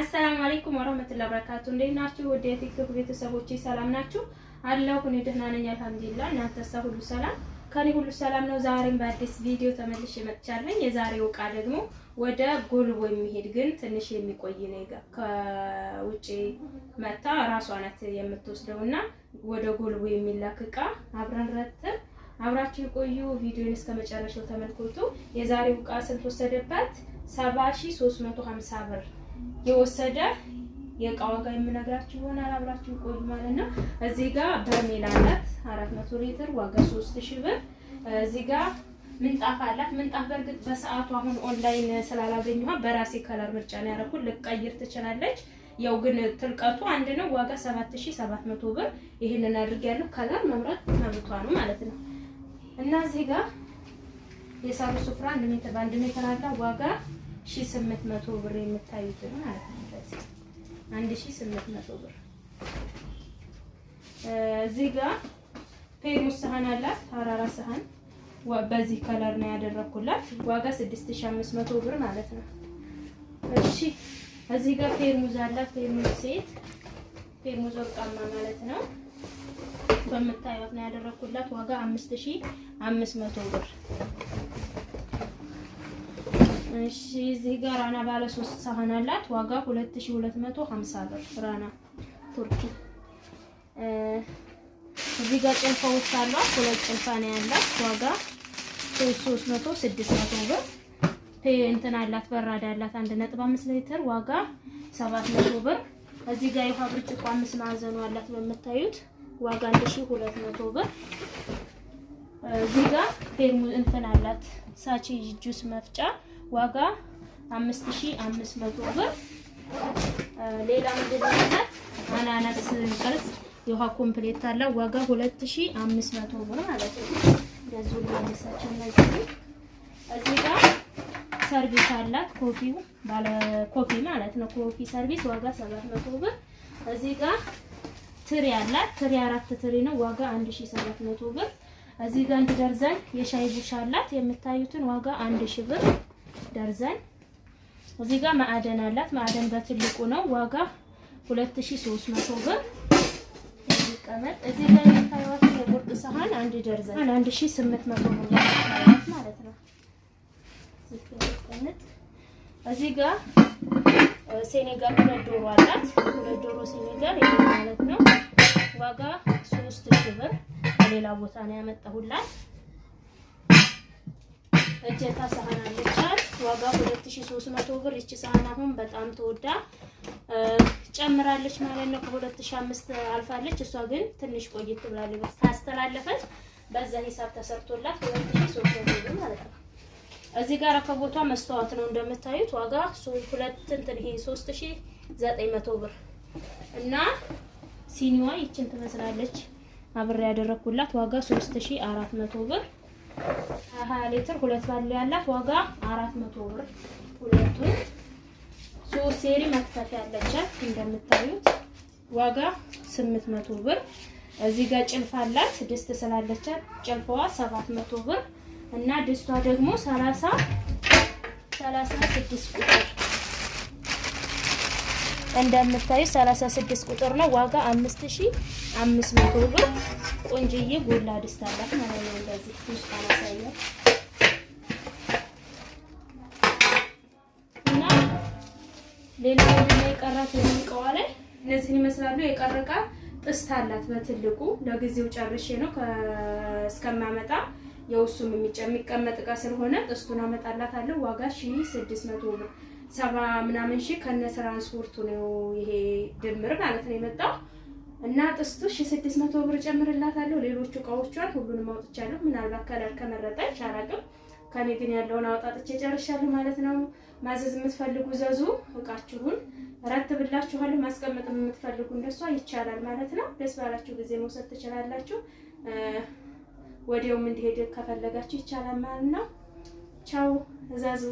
አሰላሙ አለይኩም ወራህመቱላሂ ወበረካቱ። እንዴት ናችሁ? ወደ የቲክቶክ ቤተሰቦቼ ሰላም ናችሁ? አላሁ እኔ ደህና ነኝ አልሐምዱሊላህ። እናንተሳ ሁሉ ሰላም? ከኔ ሁሉ ሰላም ነው። ዛሬም በአዲስ ቪዲዮ ተመልሼ መጥቻለሁ። የዛሬው እቃ ደግሞ ወደ ጎልቦ የሚሄድ ግን ትንሽ የሚቆይ ነው። ከውጪ መታ ራሷ ናት የምትወስደውና ወደ ጎልቦ የሚላክ እቃ አብረን ረተን አብራችሁ የቆዩ ቪዲዮን እስከ መጨረሻው ተመልከቱ። የዛሬው እቃ ስንት ወሰደበት? 70350 ብር የወሰደ የእቃ ዋጋ የምነግራችሁ ይሆናል። አብራችሁ ቆዩ ማለት ነው። እዚህ ጋር በርሜል አላት 400 ሊትር ዋጋ 3000 ብር። እዚህ ጋር ምንጣፍ አላት። ምንጣፍ በእርግጥ በሰዓቱ አሁን ኦንላይን ስላላገኘኋ በራሴ ከለር ምርጫ ነው ያደረኩት። ልቀይር ትችላለች። ያው ግን ትልቀቱ አንድ ነው። ዋጋ 7700 ብር። ይሄንን አድርጌያለሁ። ከለር መምረጥ መብቷ ነው ማለት ነው። እና እዚህ ጋር የሳሩ ሱፍራ አንድ ሜትር በአንድ ሜትር አላት ዋጋ ሺህ ስምንት መቶ ብር የምታዩትን ማለት ነው። እንደዚህ አንድ ሺህ ስምንት መቶ ብር እዚህ ጋር ፔርሙስ ሰሃን አላት አራራ ሰሃን በዚህ ከለር ነው ያደረኩላት። ዋጋ 6500 ብር ማለት ነው። እሺ እዚህ ጋር ፌርሙዝ አላት። ፔርሙዝ ሴት ፔርሙዝ ወርቃማ ማለት ነው። በምታዩት ነው ያደረኩላት። ዋጋ 5500 ብር እሺ እዚህ ጋር አና ባለ ሶስት ሳህን አላት። ዋጋ 2250 ብር ፍራና ቱርኪ። እዚህ ጋር ጭልፋዎች አሏት። ሁለት ጭልፋ ነው ያላት። ዋጋ 300 600 ብር። እንትን አላት በራዳ አላት 1.5 ሊትር ዋጋ 700 ብር። እዚህ ጋር የውሃ ብርጭቆ አምስት ማዕዘኑ አላት በምታዩት ዋጋ 1200 ብር። እዚህ ጋር ፌርሙ እንትን አላት ሳቺ ጁስ መፍጫ ዋጋ 5500 ብር። ሌላ ምንድን አናናስ ቅርጽ የውሃ ኮምፕሌት አለ ዋጋ 2500 ብር ማለት ነው። ለዙ ለምሳችን ነው። እዚህ ጋር ሰርቪስ አላት ኮፊው ባለ ኮፊ ማለት ነው። ኮፊ ሰርቪስ ዋጋ 700 ብር። እዚህ ጋር ትሪ አላት ትሪ አራት ትሪ ነው ዋጋ 1700 ብር። እዚህ ጋር አንድ የሻይ ቡሻ አላት የምታዩትን ዋጋ 1000 ብር ደርዘን እዚህ ጋር ማዕደን አላት። ማዕደን በትልቁ ነው። ዋጋ 2300 ብር ይቀመጥ። እዚህ ጋር የምታዩት የቁርጥ ሰሃን አንድ ደርዘን 1800 ብር ማለት ነው። እዚህ ጋር ሴኔጋል ሁለት ዶሮ አላት። ሁለት ዶሮ ሴኔጋል ይሄ ማለት ነው። ዋጋ 3000 ብር ከሌላ ቦታ ነው ያመጣሁላት። እጀታ ሰሃን አለቻት። ዋጋ 2300 ብር። ይቺ ሳህን አሁን በጣም ተወዳ ጨምራለች ማለት ነው። ከ2005 አልፋለች። እሷ ግን ትንሽ ቆይት ብላለች። ታስተላለፈች በዛ ሂሳብ ተሰርቶላት 2300 ብር ማለት ነው። እዚህ ጋር ከቦቷ መስተዋት ነው እንደምታዩት። ዋጋ 2 እንትን ይሄ 3900 ብር እና ሲኒዋ ይችን ትመስላለች። አብሬ ያደረኩላት ዋጋ 3400 ብር ሀያ ሊትር ሁለት ባለው ያላት ዋጋ አራት መቶ ብር ሁለቱን። ሶስት ሴሪ መክፈት ያለቻት እንደምታዩት ዋጋ ስምንት መቶ ብር። እዚህ ጋር ጭልፋ አላት ድስት ስላለቻት ጭልፋዋ ሰባት መቶ ብር እና ድስቷ ደግሞ ሰላሳ ሰላሳ ቁጥር እንደምታዩ 36 ቁጥር ነው። ዋጋ 5500 ብር። ቆንጅዬ ጎላ ድስት አላት ማለት ነው። እንደዚህ ውስጥ እና ሌላ ወደ የቀራት የሚቀዋለ እነዚህን ይመስላሉ። የቀረቃ ጥስት አላት በትልቁ ለጊዜው ጨርሼ ነው እስከማመጣ የውሱም የሚቀመጥ እቃ ስለሆነ ጥስቱን አመጣላታለሁ። ዋጋ 1600 ብር ሰባ ምናምን ሺህ ከነ ትራንስፖርቱ ነው ይሄ ድምር ማለት ነው የመጣው እና ጥስቱ ሺህ ስድስት መቶ ብር ጨምርላታለሁ። ሌሎቹ እቃዎቿን ሁሉንም አውጥቻለሁ። ምናልባት ከለር ከመረጠች አላውቅም። ከኔ ግን ያለውን አውጣጥቼ ጨርሻለሁ ማለት ነው። ማዘዝ የምትፈልጉ ዘዙ፣ እቃችሁን ረትብላችኋለሁ። ማስቀመጥ የምትፈልጉ እንደሷ ይቻላል ማለት ነው። ደስ ባላችሁ ጊዜ መውሰድ ትችላላችሁ። ወዲያውም እንዲሄድ ከፈለጋችሁ ይቻላል ማለት ነው። ቻው እዛዙ